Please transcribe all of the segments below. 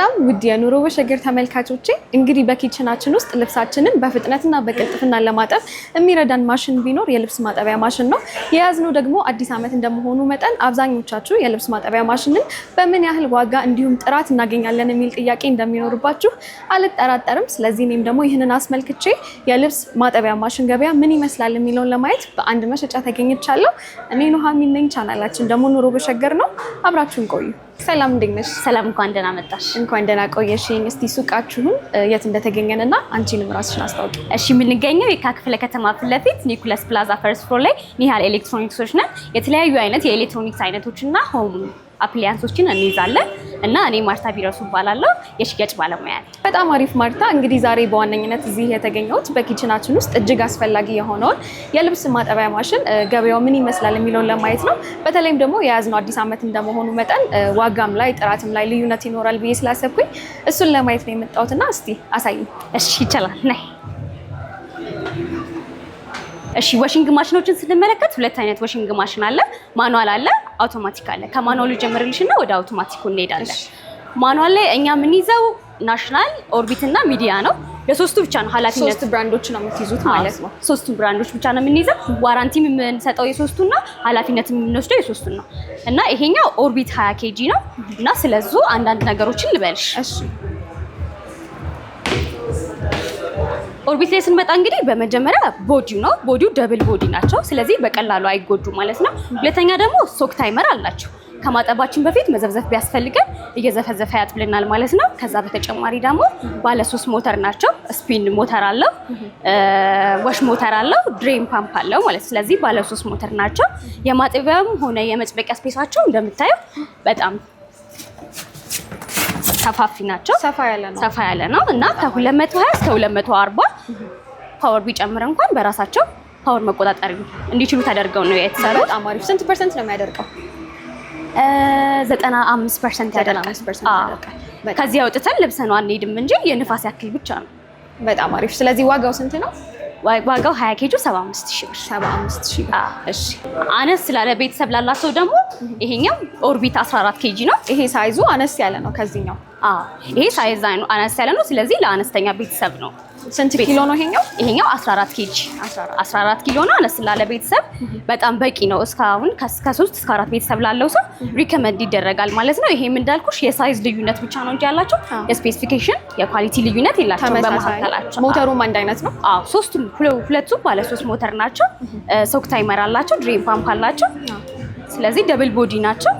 ሰላም ውድ የኑሮ በሸገር ተመልካቾቼ፣ እንግዲህ በኪችናችን ውስጥ ልብሳችንን በፍጥነትና በቅልጥፍና ለማጠብ የሚረዳን ማሽን ቢኖር የልብስ ማጠቢያ ማሽን ነው። የያዝነው ደግሞ አዲስ ዓመት እንደመሆኑ መጠን አብዛኞቻችሁ የልብስ ማጠቢያ ማሽንን በምን ያህል ዋጋ እንዲሁም ጥራት እናገኛለን የሚል ጥያቄ እንደሚኖርባችሁ አልጠራጠርም። ስለዚህ እኔም ደግሞ ይህንን አስመልክቼ የልብስ ማጠቢያ ማሽን ገበያ ምን ይመስላል የሚለውን ለማየት በአንድ መሸጫ ተገኝቻለሁ። እኔ ኑሃሚን ነኝ። ቻናላችን ደግሞ ኑሮ በሸገር ነው። አብራችሁን ቆዩ። ሰላም እንዴት ነሽ? ሰላም፣ እንኳን ደህና መጣሽ። እንኳን ደህና ቆየሽኝ። እስቲ ሱቃችሁን የት እንደተገኘንና አንቺንም ራስሽን አስታውቂ። እሺ፣ የምንገኘው የካ ክፍለ ከተማ ፊት ለፊት ኒኩለስ ፕላዛ ፈርስት ፍሎር ላይ ኒሃል ኤሌክትሮኒክሶች ነን። የተለያዩ አይነት የኤሌክትሮኒክስ አይነቶች እና ሆም አፕሊያንሶችን እንይዛለን እና እኔ ማርታ ቢረሱ እባላለሁ የሽያጭ ባለሙያ ነኝ። በጣም አሪፍ ማርታ። እንግዲህ ዛሬ በዋነኝነት እዚህ የተገኘሁት በኪችናችን ውስጥ እጅግ አስፈላጊ የሆነውን የልብስ ማጠቢያ ማሽን ገበያው ምን ይመስላል የሚለውን ለማየት ነው። በተለይም ደግሞ የያዝነው አዲስ ዓመት እንደመሆኑ መጠን ዋጋም ላይ ጥራትም ላይ ልዩነት ይኖራል ብዬ ስላሰብኩኝ እሱን ለማየት ነው የመጣሁት እና እስቲ አሳይ። እሺ ይችላል ነይ እሺ ዋሽንግ ማሽኖችን ስንመለከት ሁለት አይነት ዋሽንግ ማሽን አለ። ማኑዋል አለ፣ አውቶማቲክ አለ። ከማኑዋሉ ጀምርልሽ እና ወደ አውቶማቲኩ እንሄዳለን። ማኑዋል ላይ እኛ የምንይዘው ናሽናል ኦርቢት እና ሚዲያ ነው። ለሶስቱ ብቻ ነው ኃላፊነት። ሶስት ብራንዶች ነው የምትይዙት ማለት ነው። ሶስቱ ብራንዶች ብቻ ነው የምንይዘው። ዋራንቲም የምንሰጠው የሶስቱ ነው። ኃላፊነት የምንወስደው የሶስቱን ነው እና ይሄኛው ኦርቢት 20 ኬጂ ነው እና ስለዙ አንዳንድ ነገሮችን ልበልሽ። ኦርቢት ላይ ስንመጣ እንግዲህ በመጀመሪያ ቦዲው ነው። ቦዲው ደብል ቦዲ ናቸው። ስለዚህ በቀላሉ አይጎዱ ማለት ነው። ሁለተኛ ደግሞ ሶክ ታይመር አላቸው። ከማጠባችን በፊት መዘፍዘፍ ቢያስፈልገን እየዘፈዘፈ ያጥብልናል ማለት ነው። ከዛ በተጨማሪ ደግሞ ባለ ሶስት ሞተር ናቸው። ስፒን ሞተር አለው፣ ወሽ ሞተር አለው፣ ድሬን ፓምፕ አለው ማለት ስለዚህ ባለ ሶስት ሞተር ናቸው። የማጠቢያም ሆነ የመጭበቂያ ስፔሳቸው እንደምታየው በጣም ሰፋፊ ናቸው። ሰፋ ያለ ነው እና ከ220 እስከ 240 ፓወር ቢጨምር እንኳን በራሳቸው ፓወር መቆጣጠር እንዲችሉ ተደርገው ነው የተሰሩት። በጣም አሪፍ። ስንት ፐርሰንት ነው የሚያደርቀው? 95 ፐርሰንት ያደርቃል። ከዚህ አውጥተን ልብሰን አንሄድም እንጂ የንፋስ ያክል ብቻ ነው። በጣም አሪፍ። ስለዚህ ዋጋው ስንት ነው? ዋጋው 20 ኬጂ 75 ሺህ ብር። 75 ሺህ ብር። እሺ። አነስ ላለ ቤተሰብ ላላቸው ደግሞ ይሄኛው ኦርቢት 14 ኬጂ ነው። ይሄ ሳይዙ አነስ ያለ ነው ከዚህኛው ይሄ ሳይዝ አነስ ያለ ነው። ስለዚህ ለአነስተኛ ቤተሰብ ነው። ስንት ኪሎ ነው ይሄኛው? ይሄኛው 14 ኬጂ 14 ኪሎ ነው። አነስ ላለ ቤተሰብ በጣም በቂ ነው። እስካሁን ከ3 እስከ 4 ቤተሰብ ላለው ሰው ሪከመንድ ይደረጋል ማለት ነው። ይሄም እንዳልኩሽ የሳይዝ ልዩነት ብቻ ነው እንጂ ያላቸው የስፔሲፊኬሽን የኳሊቲ ልዩነት የላቸው በመካከላቸው። ሞተሩም አንድ አይነት ነው። አዎ ሶስቱም ሁለቱም ባለ ሶስት ሞተር ናቸው። ሶክ ታይመር አላቸው፣ ድሬን ፓምፕ አላቸው። ስለዚህ ደብል ቦዲ ናቸው።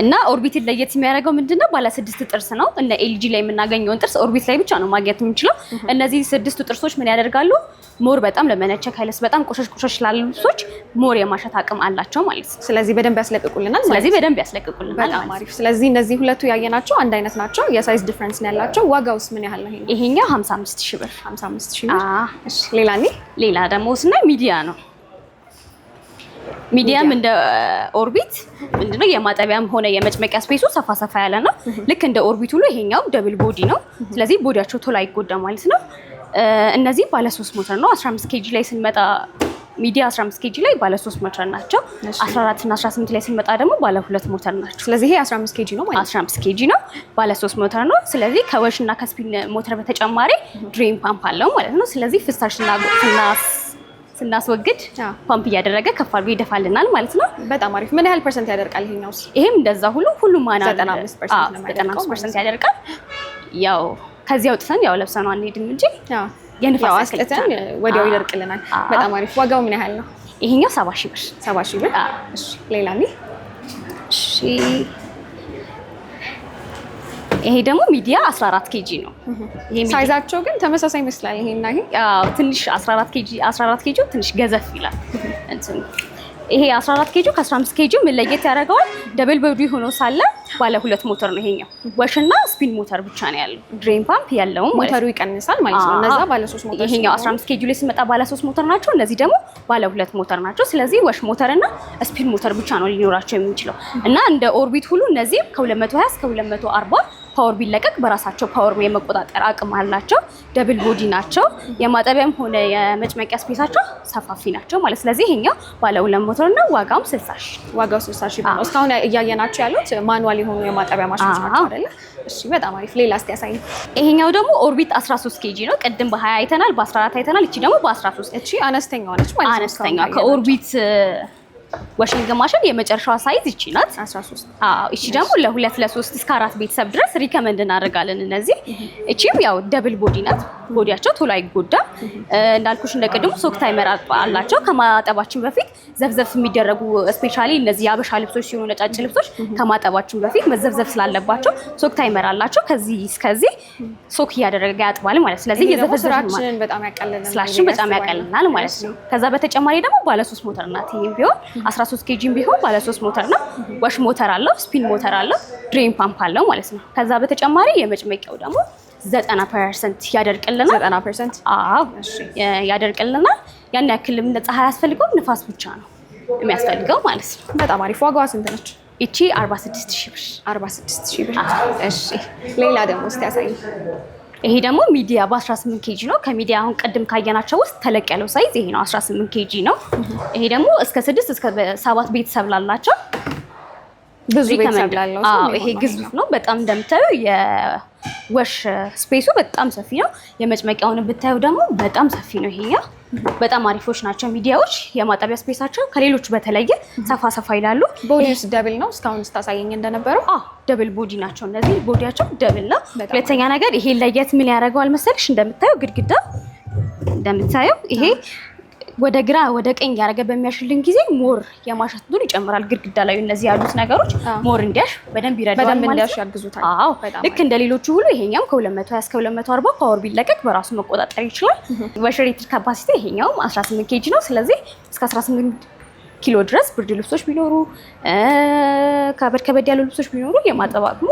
እና ኦርቢትን ለየት የሚያደርገው ምንድነው? ባለ ስድስት ጥርስ ነው። እነ ኤልጂ ላይ የምናገኘውን ጥርስ ኦርቢት ላይ ብቻ ነው ማግኘት የምንችለው። እነዚህ ስድስቱ ጥርሶች ምን ያደርጋሉ? ሞር በጣም ለመነቸክ ኃይለስ በጣም ቆሸሽ ቆሸሽ ላሉ ልብሶች ሞር የማሸት አቅም አላቸው ማለት ነው። ስለዚህ በደንብ ያስለቅቁልናል። ስለዚህ በደንብ ያስለቅቁልናል። ስለዚህ እነዚህ ሁለቱ ያየናቸው አንድ አይነት ናቸው። የሳይዝ ዲፍረንስ ነው ያላቸው። ዋጋውስ ምን ያህል ነው? ይሄኛው 55 ሺህ ብር። 55 ሺህ ብር። ሌላ ደግሞ ስናይ ሚዲያ ነው ሚዲያም እንደ ኦርቢት ምንድነው የማጠቢያም ሆነ የመጭመቂያ ስፔሱ ሰፋ ሰፋ ያለ ነው። ልክ እንደ ኦርቢት ሁሉ ይሄኛው ደብል ቦዲ ነው። ስለዚህ ቦዲያቸው ቶሎ አይጎዳ ማለት ነው። እነዚህ ባለ 3 ሞተር ነው። 15 ኬጂ ላይ ስንመጣ ሚዲያ 15 ኬጂ ላይ ባለ 3 ሞተር ናቸው። 14 እና 18 ላይ ስንመጣ ደግሞ ባለ 2 ሞተር ናቸው። ስለዚህ ይሄ 15 ኬጂ ነው ማለት 15 ኬጂ ነው፣ ባለ 3 ሞተር ነው። ስለዚህ ከወሽ እና ከስፒን ሞተር በተጨማሪ ድሪም ፓምፕ አለው ማለት ነው። ስለዚህ እና ፍሳሽና ስናስወግድ ፓምፕ እያደረገ ከፍ አድርጎ ይደፋልናል ማለት ነው። በጣም አሪፍ። ምን ያህል ፐርሰንት ያደርቃል ይሄኛውስ? ይሄም እንደዛ ሁሉ ሁሉም ማና 95 ፐርሰንት ያደርቃል። ያው ከዚህ አውጥተን ያው ለብሰን አንሄድም እንጂ የንፋስ አስጥተን ወዲያው ይደርቅልናል። በጣም አሪፍ። ዋጋው ምን ያህል ነው? ይሄኛው 70 ሺህ ብር 70 ሺህ ብር። እሺ ሌላ እሺ ይሄ ደግሞ ሚዲያ 14 ኬጂ ነው። ሳይዛቸው ግን ተመሳሳይ ይመስላል። ይሄና ይሄ ትንሽ 14 ኬጂ 14 ኬጂ ትንሽ ገዘፍ ይላል። እንትን ይሄ 14 ኬጂ ከ15 ኬጂ ምን ለየት ያደርገዋል? ደብል ቦዲ ሆኖ ሳለ ባለ ሁለት ሞተር ነው ይሄኛው። ወሽና ስፒን ሞተር ብቻ ነው ያለው። ድሬን ፓምፕ ያለውም ሞተሩ ይቀንሳል ማለት ነው። እነዛ ባለ 3 ሞተር ይሄኛው 15 ኬጂ ላይ ሲመጣ ባለ 3 ሞተር ናቸው። እነዚህ ደግሞ ባለ ሁለት ሞተር ናቸው። ስለዚህ ወሽ ሞተር እና ስፒን ሞተር ብቻ ነው ሊኖራቸው የሚችለው እና እንደ ኦርቢት ሁሉ እነዚህ ከ220 እስከ 240 ፓወር ቢለቀቅ በራሳቸው ፓወር የመቆጣጠር አቅም አላቸው። ደብል ቦዲ ናቸው። የማጠቢያም ሆነ የመጭመቂያ ስፔሳቸው ሰፋፊ ናቸው ማለት ስለዚህ ይሄኛው ባለ ሁለት ሞተር ነው። ዋጋውም 60 ዋጋው ነው። እስካሁን እያየናቸው ያሉት ማኑዋል የሆኑ የማጠቢያ ማሽኖች ናቸው አይደለ? እሺ፣ በጣም አሪፍ። ሌላ እስቲ ያሳይ። ይሄኛው ደግሞ ኦርቢት 13 ኬጂ ነው። ቅድም በ20 አይተናል፣ በ14 አይተናል። እቺ ደግሞ በ13 እቺ ነች ማለት ነው። ከኦርቢት ዋሽንግ ግማሽን የመጨረሻዋ ሳይዝ ይቺ ናት። አዎ እቺ ደግሞ ለሁለት ለሶስት እስከ አራት ቤተሰብ ድረስ ሪከመንድ እናደርጋለን። እነዚህ እቺም ያው ደብል ቦዲ ናት። ቦዲያቸው ቶሎ አይጎዳም። እንዳልኩሽ እንደ ቅድሙ ሶክ ታይመር አላቸው። ከማጠባችን በፊት ዘፍዘፍ የሚደረጉ ስፔሻሊ እነዚህ የአበሻ ልብሶች ሲሆኑ ነጫጭ ልብሶች ከማጠባችን በፊት መዘፍዘፍ ስላለባቸው ሶክ ታይመር አላቸው። ከዚህ እስከዚህ ሶክ እያደረገ ያጥባል ማለት ስለዚህ የዘፈዘፍን በጣም ያቀልልናል ማለት ነው። ከዛ በተጨማሪ ደግሞ ባለ ሶስት ሞተር ናት። ይሄም ቢሆን 13 ኬጂም ቢሆን ባለ 3 ሞተር ነው። ወሽ ሞተር አለው፣ ስፒን ሞተር አለው፣ ድሬን ፓምፕ አለው ማለት ነው። ከዛ በተጨማሪ የመጭመቂያው ደግሞ 90 ፐርሰንት ያደርቅልናል። 90 ፐርሰንት አዎ፣ ያደርቅልናል። ያን ያክልም ፀሐይ አያስፈልገውም፣ ንፋስ ብቻ ነው የሚያስፈልገው ማለት ነው። በጣም አሪፍ። ዋጋዋ ስንት ነች? ይቺ 46 ሺህ ብር። 46 ሺህ ብር። እሺ ሌላ ደግሞ እስቲ ያሳይ ይሄ ደግሞ ሚዲያ በ18 ኬጂ ነው። ከሚዲያ አሁን ቅድም ካየናቸው ውስጥ ተለቅ ያለው ሳይዝ ይሄ ነው፣ 18 ኬጂ ነው። ይሄ ደግሞ እስከ 6 እስከ 7 ቤተሰብ ላላቸው ብዙ ቤተሰብ ላለው ይሄ ግዙፍ ነው በጣም እንደምታዩ የወሽ ስፔሱ በጣም ሰፊ ነው። የመጭመቂያውን ብታዩ ደግሞ በጣም ሰፊ ነው ይሄኛው በጣም አሪፎች ናቸው። ሚዲያዎች የማጠቢያ ስፔሳቸው ከሌሎች በተለየ ሰፋ ሰፋ ይላሉ። ቦዲስ ደብል ነው እስካሁን ስታሳየኝ እንደነበረው። ደብል ቦዲ ናቸው እነዚህ። ቦዲያቸው ደብል ነው። ሁለተኛ ነገር ይሄ ለየት ምን ያደርገዋል መሰለሽ? እንደምታየው ግድግዳ እንደምታየው ይሄ ወደ ግራ ወደ ቀኝ እያደረገ በሚያሽልን ጊዜ ሞር የማሸት ዱን ይጨምራል። ግድግዳ ላይ እነዚህ ያሉት ነገሮች ሞር እንዲያሽ በደንብ ይረዳል። እንዲያሽ ያግዙታል። አዎ ልክ እንደ ሌሎቹ ሁሉ ይሄኛውም ከ220 እስከ 240 ፓወር ቢለቀቅ በራሱ መቆጣጠር ይችላል። በሽሬትድ ካፓሲቲ ይሄኛውም 18 ኬጂ ነው። ስለዚህ እስከ 18 ኪሎ ድረስ ብርድ ልብሶች ቢኖሩ ከበድ ከበድ ያሉ ልብሶች ቢኖሩ የማጠብ አቅሙ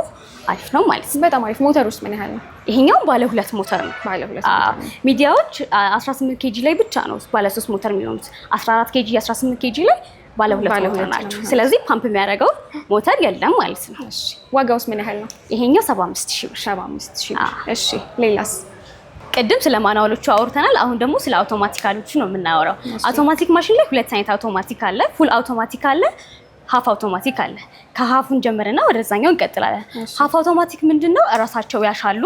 አሪፍ ነው ማለት ነው። በጣም አሪፍ ሞተር ውስጥ ምን ያህል ነው? ይሄኛው ባለ ሁለት ሞተር ነው። ባለ ሁለት ሞተር ሚዲያዎች 18 ኬጂ ላይ ብቻ ነው ባለ ሶስት ሞተር የሚሆኑት። 14 ኬጂ፣ 18 ኬጂ ላይ ባለ ሁለት ሞተር ናቸው። ስለዚህ ፓምፕ የሚያደርገው ሞተር የለም ማለት ነው። እሺ ዋጋውስ ምን ያህል ነው? ይሄኛው 75000 ብር። 75000 ብር። እሺ ሌላስ? ቅድም ስለ ማንዋሎቹ አውርተናል። አሁን ደግሞ ስለ አውቶማቲካሎቹ ነው የምናወራው። አውቶማቲክ ማሽን ላይ ሁለት አይነት አውቶማቲክ አለ። ፉል አውቶማቲክ አለ ሀፍ አውቶማቲክ አለ። ከሀፉን ጀምርና ወደዛኛው እንቀጥላለን። ሀፍ አውቶማቲክ ምንድን ነው? እራሳቸው ያሻሉ፣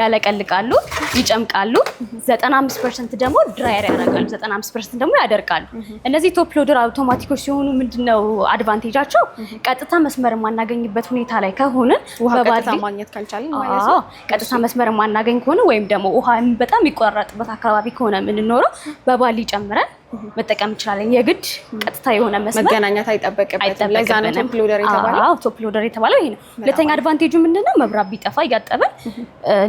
ያለቀልቃሉ፣ ይጨምቃሉ። 95 ፐርሰንት ደግሞ ድራየር ያደርጋሉ፣ 95 ፐርሰንት ደግሞ ያደርቃሉ። እነዚህ ቶፕ ሎደር አውቶማቲኮች ሲሆኑ ምንድን ነው አድቫንቴጃቸው? ቀጥታ መስመር የማናገኝበት ሁኔታ ላይ ከሆንን ቀጥታ መስመር የማናገኝ ከሆነ ወይም ደግሞ ውሃ በጣም የሚቆራረጥበት አካባቢ ከሆነ የምንኖረው በባሊ ጨምረን መጠቀም እንችላለን። የግድ ቀጥታ የሆነ መስመር መገናኛት አይጠበቅበትም። ለዛ ነው ቶፕ ሎደር የተባለው። ቶፕ ሎደር የተባለው ይሄ ነው። ሁለተኛ አድቫንቴጁ ምንድነው? መብራት ቢጠፋ እያጠበን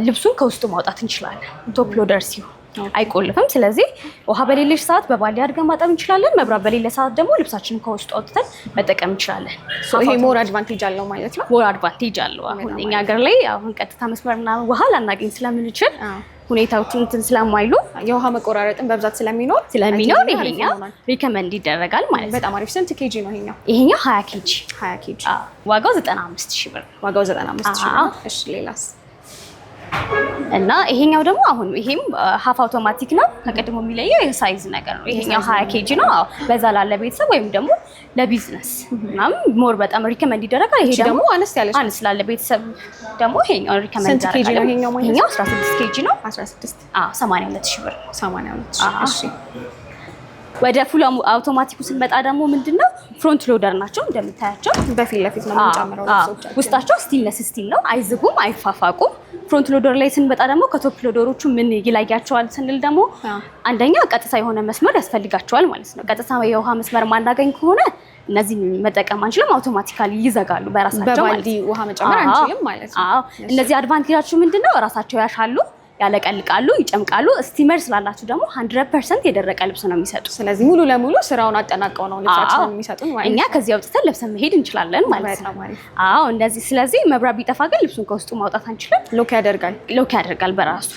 ልብሱን ከውስጡ ማውጣት እንችላለን። ቶፕ ሎደር ሲሆን አይቆልፍም። ስለዚህ ውሃ በሌለች ሰዓት በባሌ አድርገን ማጠብ እንችላለን። መብራት በሌለ ሰዓት ደግሞ ልብሳችንን ከውስጡ አውጥተን መጠቀም እንችላለን። ይሄ ሞር አድቫንቴጅ አለው ማለት ነው። ሞር አድቫንቴጅ አለው። አሁን እኛ ሀገር ላይ አሁን ቀጥታ ምናምን ውሃ ላናገኝ ስለምንችል ሁኔታዎቹ እንትን ስለማይሉ የውሃ መቆራረጥን በብዛት ስለሚኖር ስለሚኖር ይሄኛው ሪከመንድ ይደረጋል ማለት ነው። በጣም አሪፍ። ስንት ኬጂ ነው ይሄኛው? ይሄኛው 20 ኬጂ 20 ኬጂ ዋጋው 95 ሺህ ብር። ዋጋው 95 ሺህ ብር። እሺ ሌላስ? እና ይሄኛው ደግሞ አሁን ይሄም ሀፍ አውቶማቲክ ነው። ከቀድሞ የሚለየው የሳይዝ ነገር ነው። ይሄኛው ሀያ ኬጂ ነው። አዎ በዛ ላለ ቤተሰብ ወይም ደግሞ ለቢዝነስ ምናምን ሞር በጣም ሪከመንድ ይደረጋል። ይሄ ደግሞ አነስ ያለች አነስ ላለ ቤተሰብ ደግሞ ይሄኛው ሪከመንድ ይደረጋል። ይሄኛው 16 ኬጂ ነው። 16 አዎ 82000 ብር 82000 እሺ ወደ ፉላሙ አውቶማቲኩ ስንመጣ ደግሞ ምንድነው ፍሮንት ሎደር ናቸው እንደምታያቸው በፊት ለፊት ነው የምንጨምረው። ውስጣቸው ስቲልነስ ስቲል ነው፣ አይዝጉም፣ አይፋፋቁም። ፍሮንት ሎደር ላይ ስንመጣ ደግሞ ከቶፕ ሎደሮቹ ምን ይለያቸዋል ስንል ደግሞ አንደኛ ቀጥታ የሆነ መስመር ያስፈልጋቸዋል ማለት ነው። ቀጥታ የውሃ መስመር ማናገኝ ከሆነ እነዚህ መጠቀም አንችልም። አውቶማቲካሊ ይዘጋሉ በራሳቸው ማለት ውሃ መጨመር አንችልም ማለት ነው። እነዚህ አድቫንቴጃቸው ምንድነው ራሳቸው ያሻሉ ያለቀልቃሉ፣ ይጨምቃሉ። ስቲመር ስላላችሁ ደግሞ 100% የደረቀ ልብስ ነው የሚሰጡ። ስለዚህ ሙሉ ለሙሉ ስራውን አጠናቀው ነው ልብሳቸውን የሚሰጡን። እኛ ከዚህ አውጥተን ለብሰን መሄድ እንችላለን ማለት ነው። አዎ እንደዚህ። ስለዚህ መብራት ቢጠፋ ግን ልብሱን ከውስጡ ማውጣት አንችልም። ሎክ ያደርጋል፣ ሎክ ያደርጋል በራሱ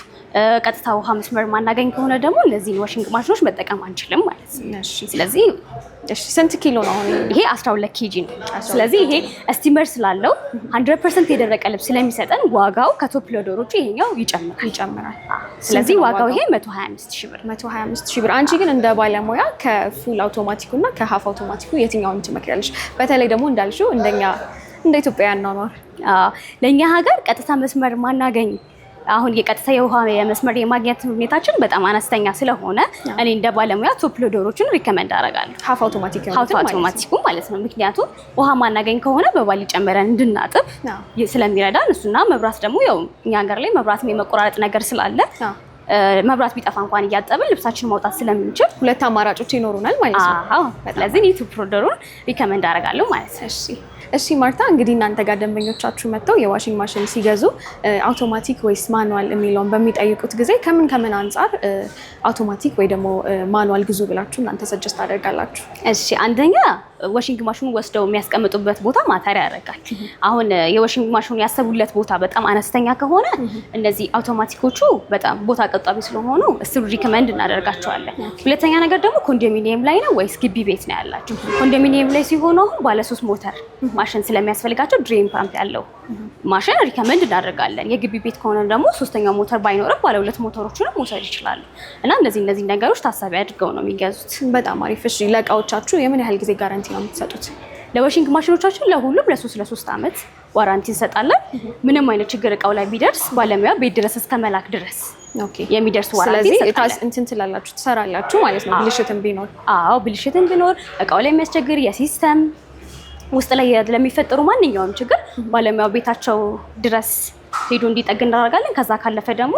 ቀጥታ ውሃ መስመር ማናገኝ ከሆነ ደግሞ እነዚህን ዋሽንግ ማሽኖች መጠቀም አንችልም ማለት ነው። ስለዚህ ስንት ኪሎ ነው ይሄ? 12 ኬጂ ነው። ስለዚህ ይሄ እስቲመር ስላለው 100 ፐርሰንት የደረቀ ልብስ ስለሚሰጠን ዋጋው ከቶፕ ሎደር ይሄኛው ይጨምራል ይጨምራል። ስለዚህ ዋጋው ይሄ 125 ሺህ ብር 125 ሺህ ብር። አንቺ ግን እንደ ባለሙያ ከፉል አውቶማቲኩ እና ከሀፍ አውቶማቲኩ የትኛውን ትመክሪያለሽ? በተለይ ደግሞ እንዳልሽው እንደኛ እንደ ኢትዮጵያ ነው ለእኛ ሀገር ቀጥታ መስመር ማናገኝ አሁን የቀጥታ የውሃ የመስመር የማግኘት ሁኔታችን በጣም አነስተኛ ስለሆነ እኔ እንደ ባለሙያ ቶፕ ሎደሮችን ሪከመንድ አደርጋለሁ። ሀፍ አውቶማቲክ አውቶማቲኩ ማለት ነው። ምክንያቱም ውሃ ማናገኝ ከሆነ በባሊ ጨምረን እንድናጥብ ስለሚረዳን እሱና መብራት ደግሞ ያው እኛ ሀገር ላይ መብራት የመቆራረጥ ነገር ስላለ መብራት ቢጠፋ እንኳን እያጠብን ልብሳችን ማውጣት ስለምንችል ሁለት አማራጮች ይኖሩናል ማለት ነው። ስለዚህ ዩቱብ ፕሮደሩን ሪከመንድ አደርጋለሁ ማለት ነው። እሺ እሺ ማርታ እንግዲህ እናንተ ጋር ደንበኞቻችሁ መጥተው የዋሽንግ ማሽን ሲገዙ አውቶማቲክ ወይስ ማኑዋል የሚለውን በሚጠይቁት ጊዜ ከምን ከምን አንጻር አውቶማቲክ ወይ ደግሞ ማኑዋል ግዙ ብላችሁ እናንተ ሰጀስት አደርጋላችሁ? እሺ አንደኛ ወሽንግ ማሽኑ ወስደው የሚያስቀምጡበት ቦታ ማተር ያደርጋል። አሁን የወሽንግ ማሽኑ ያሰቡለት ቦታ በጣም አነስተኛ ከሆነ እነዚህ አውቶማቲኮቹ በጣም ቦታ ቀጣቢ ስለሆኑ እስሩ ሪከመንድ እናደርጋቸዋለን። ሁለተኛ ነገር ደግሞ ኮንዶሚኒየም ላይ ነው ወይስ ግቢ ቤት ነው ያላቸው? ኮንዶሚኒየም ላይ ሲሆኑ አሁን ባለሶስት ሞተር ማሽን ስለሚያስፈልጋቸው ድሬን ፓምፕ ያለው ማሽን ሪከመንድ እናደርጋለን። የግቢ ቤት ከሆነ ደግሞ ሶስተኛው ሞተር ባይኖርም ባለ ሁለት ሞተሮችንም መውሰድ ይችላሉ። እና እነዚህ እነዚህ ነገሮች ታሳቢ አድርገው ነው የሚገዙት። በጣም አሪፍ። እሺ ለእቃዎቻችሁ የምን ያህል ጊዜ ጋራንቲ ነው የምትሰጡት። ለዋሽንግ ማሽኖቻችን ለሁሉም ለሶስት ለሶስት ዓመት ዋራንቲ እንሰጣለን። ምንም አይነት ችግር እቃው ላይ ቢደርስ ባለሙያ ቤት ድረስ እስከ መላክ ድረስ የሚደርስ ዋራንቲ ስለዚህ እንትን ትላላችሁ ትሰራላችሁ ማለት ነው። ብልሽትን ቢኖር አዎ ብልሽትን ቢኖር እቃው ላይ የሚያስቸግር የሲስተም ውስጥ ላይ ለሚፈጠሩ ማንኛውም ችግር ባለሙያው ቤታቸው ድረስ ሄዶ እንዲጠግን እናደርጋለን። ከዛ ካለፈ ደግሞ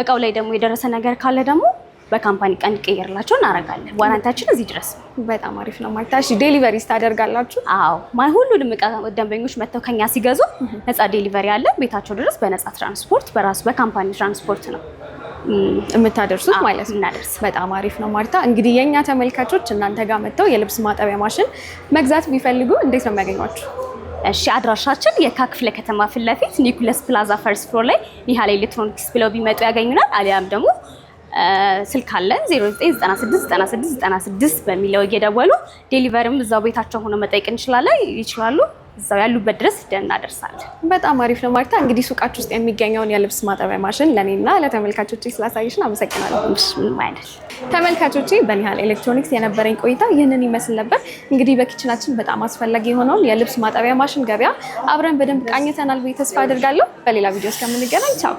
እቃው ላይ ደግሞ የደረሰ ነገር ካለ ደግሞ በካምፓኒ ቀን ቀየርላቸው እናደርጋለን። ዋናንታችን እዚህ ድረስ። በጣም አሪፍ ነው። ማይታ እሺ፣ ዴሊቨሪስ ታደርጋላችሁ? አዎ፣ ማይ ሁሉንም እቃ ደንበኞች መጥተው ከኛ ሲገዙ ነፃ ዴሊቨሪ አለ ቤታቸው ድረስ በነፃ ትራንስፖርት፣ በራሱ በካምፓኒ ትራንስፖርት ነው የምታደርሱት ማለት ነው። በጣም አሪፍ ነው ማርታ። እንግዲህ የእኛ ተመልካቾች እናንተ ጋር መጥተው የልብስ ማጠቢያ ማሽን መግዛት ቢፈልጉ እንዴት ነው የሚያገኟችሁ? እሺ አድራሻችን የካ ክፍለ ከተማ ፊት ለፊት ኒኩለስ ፕላዛ ፈርስት ፍሎር ላይ ኒሃላ ኤሌክትሮኒክስ ብለው ቢመጡ ያገኙናል። አሊያም ደግሞ ስልክ አለ 09969696 በሚለው እየደወሉ ዴሊቨርም እዛው ቤታቸው ሆኖ መጠየቅ እንችላለን ይችላሉ። እዛው ያሉበት ድረስ እናደርሳለን። በጣም አሪፍ ነው ማርታ። እንግዲህ ሱቃችሁ ውስጥ የሚገኘውን የልብስ ማጠቢያ ማሽን ለእኔና ለተመልካቾች ስላሳየሽን አመሰግናለሁ። አይደል ተመልካቾቼ፣ በኒሃል ኤሌክትሮኒክስ የነበረኝ ቆይታ ይህንን ይመስል ነበር። እንግዲህ በኪችናችን በጣም አስፈላጊ የሆነውን የልብስ ማጠቢያ ማሽን ገበያ አብረን በደንብ ቃኝተናል ብዬ ተስፋ አድርጋለሁ። በሌላ ቪዲዮ እስከምንገናኝ ቻው።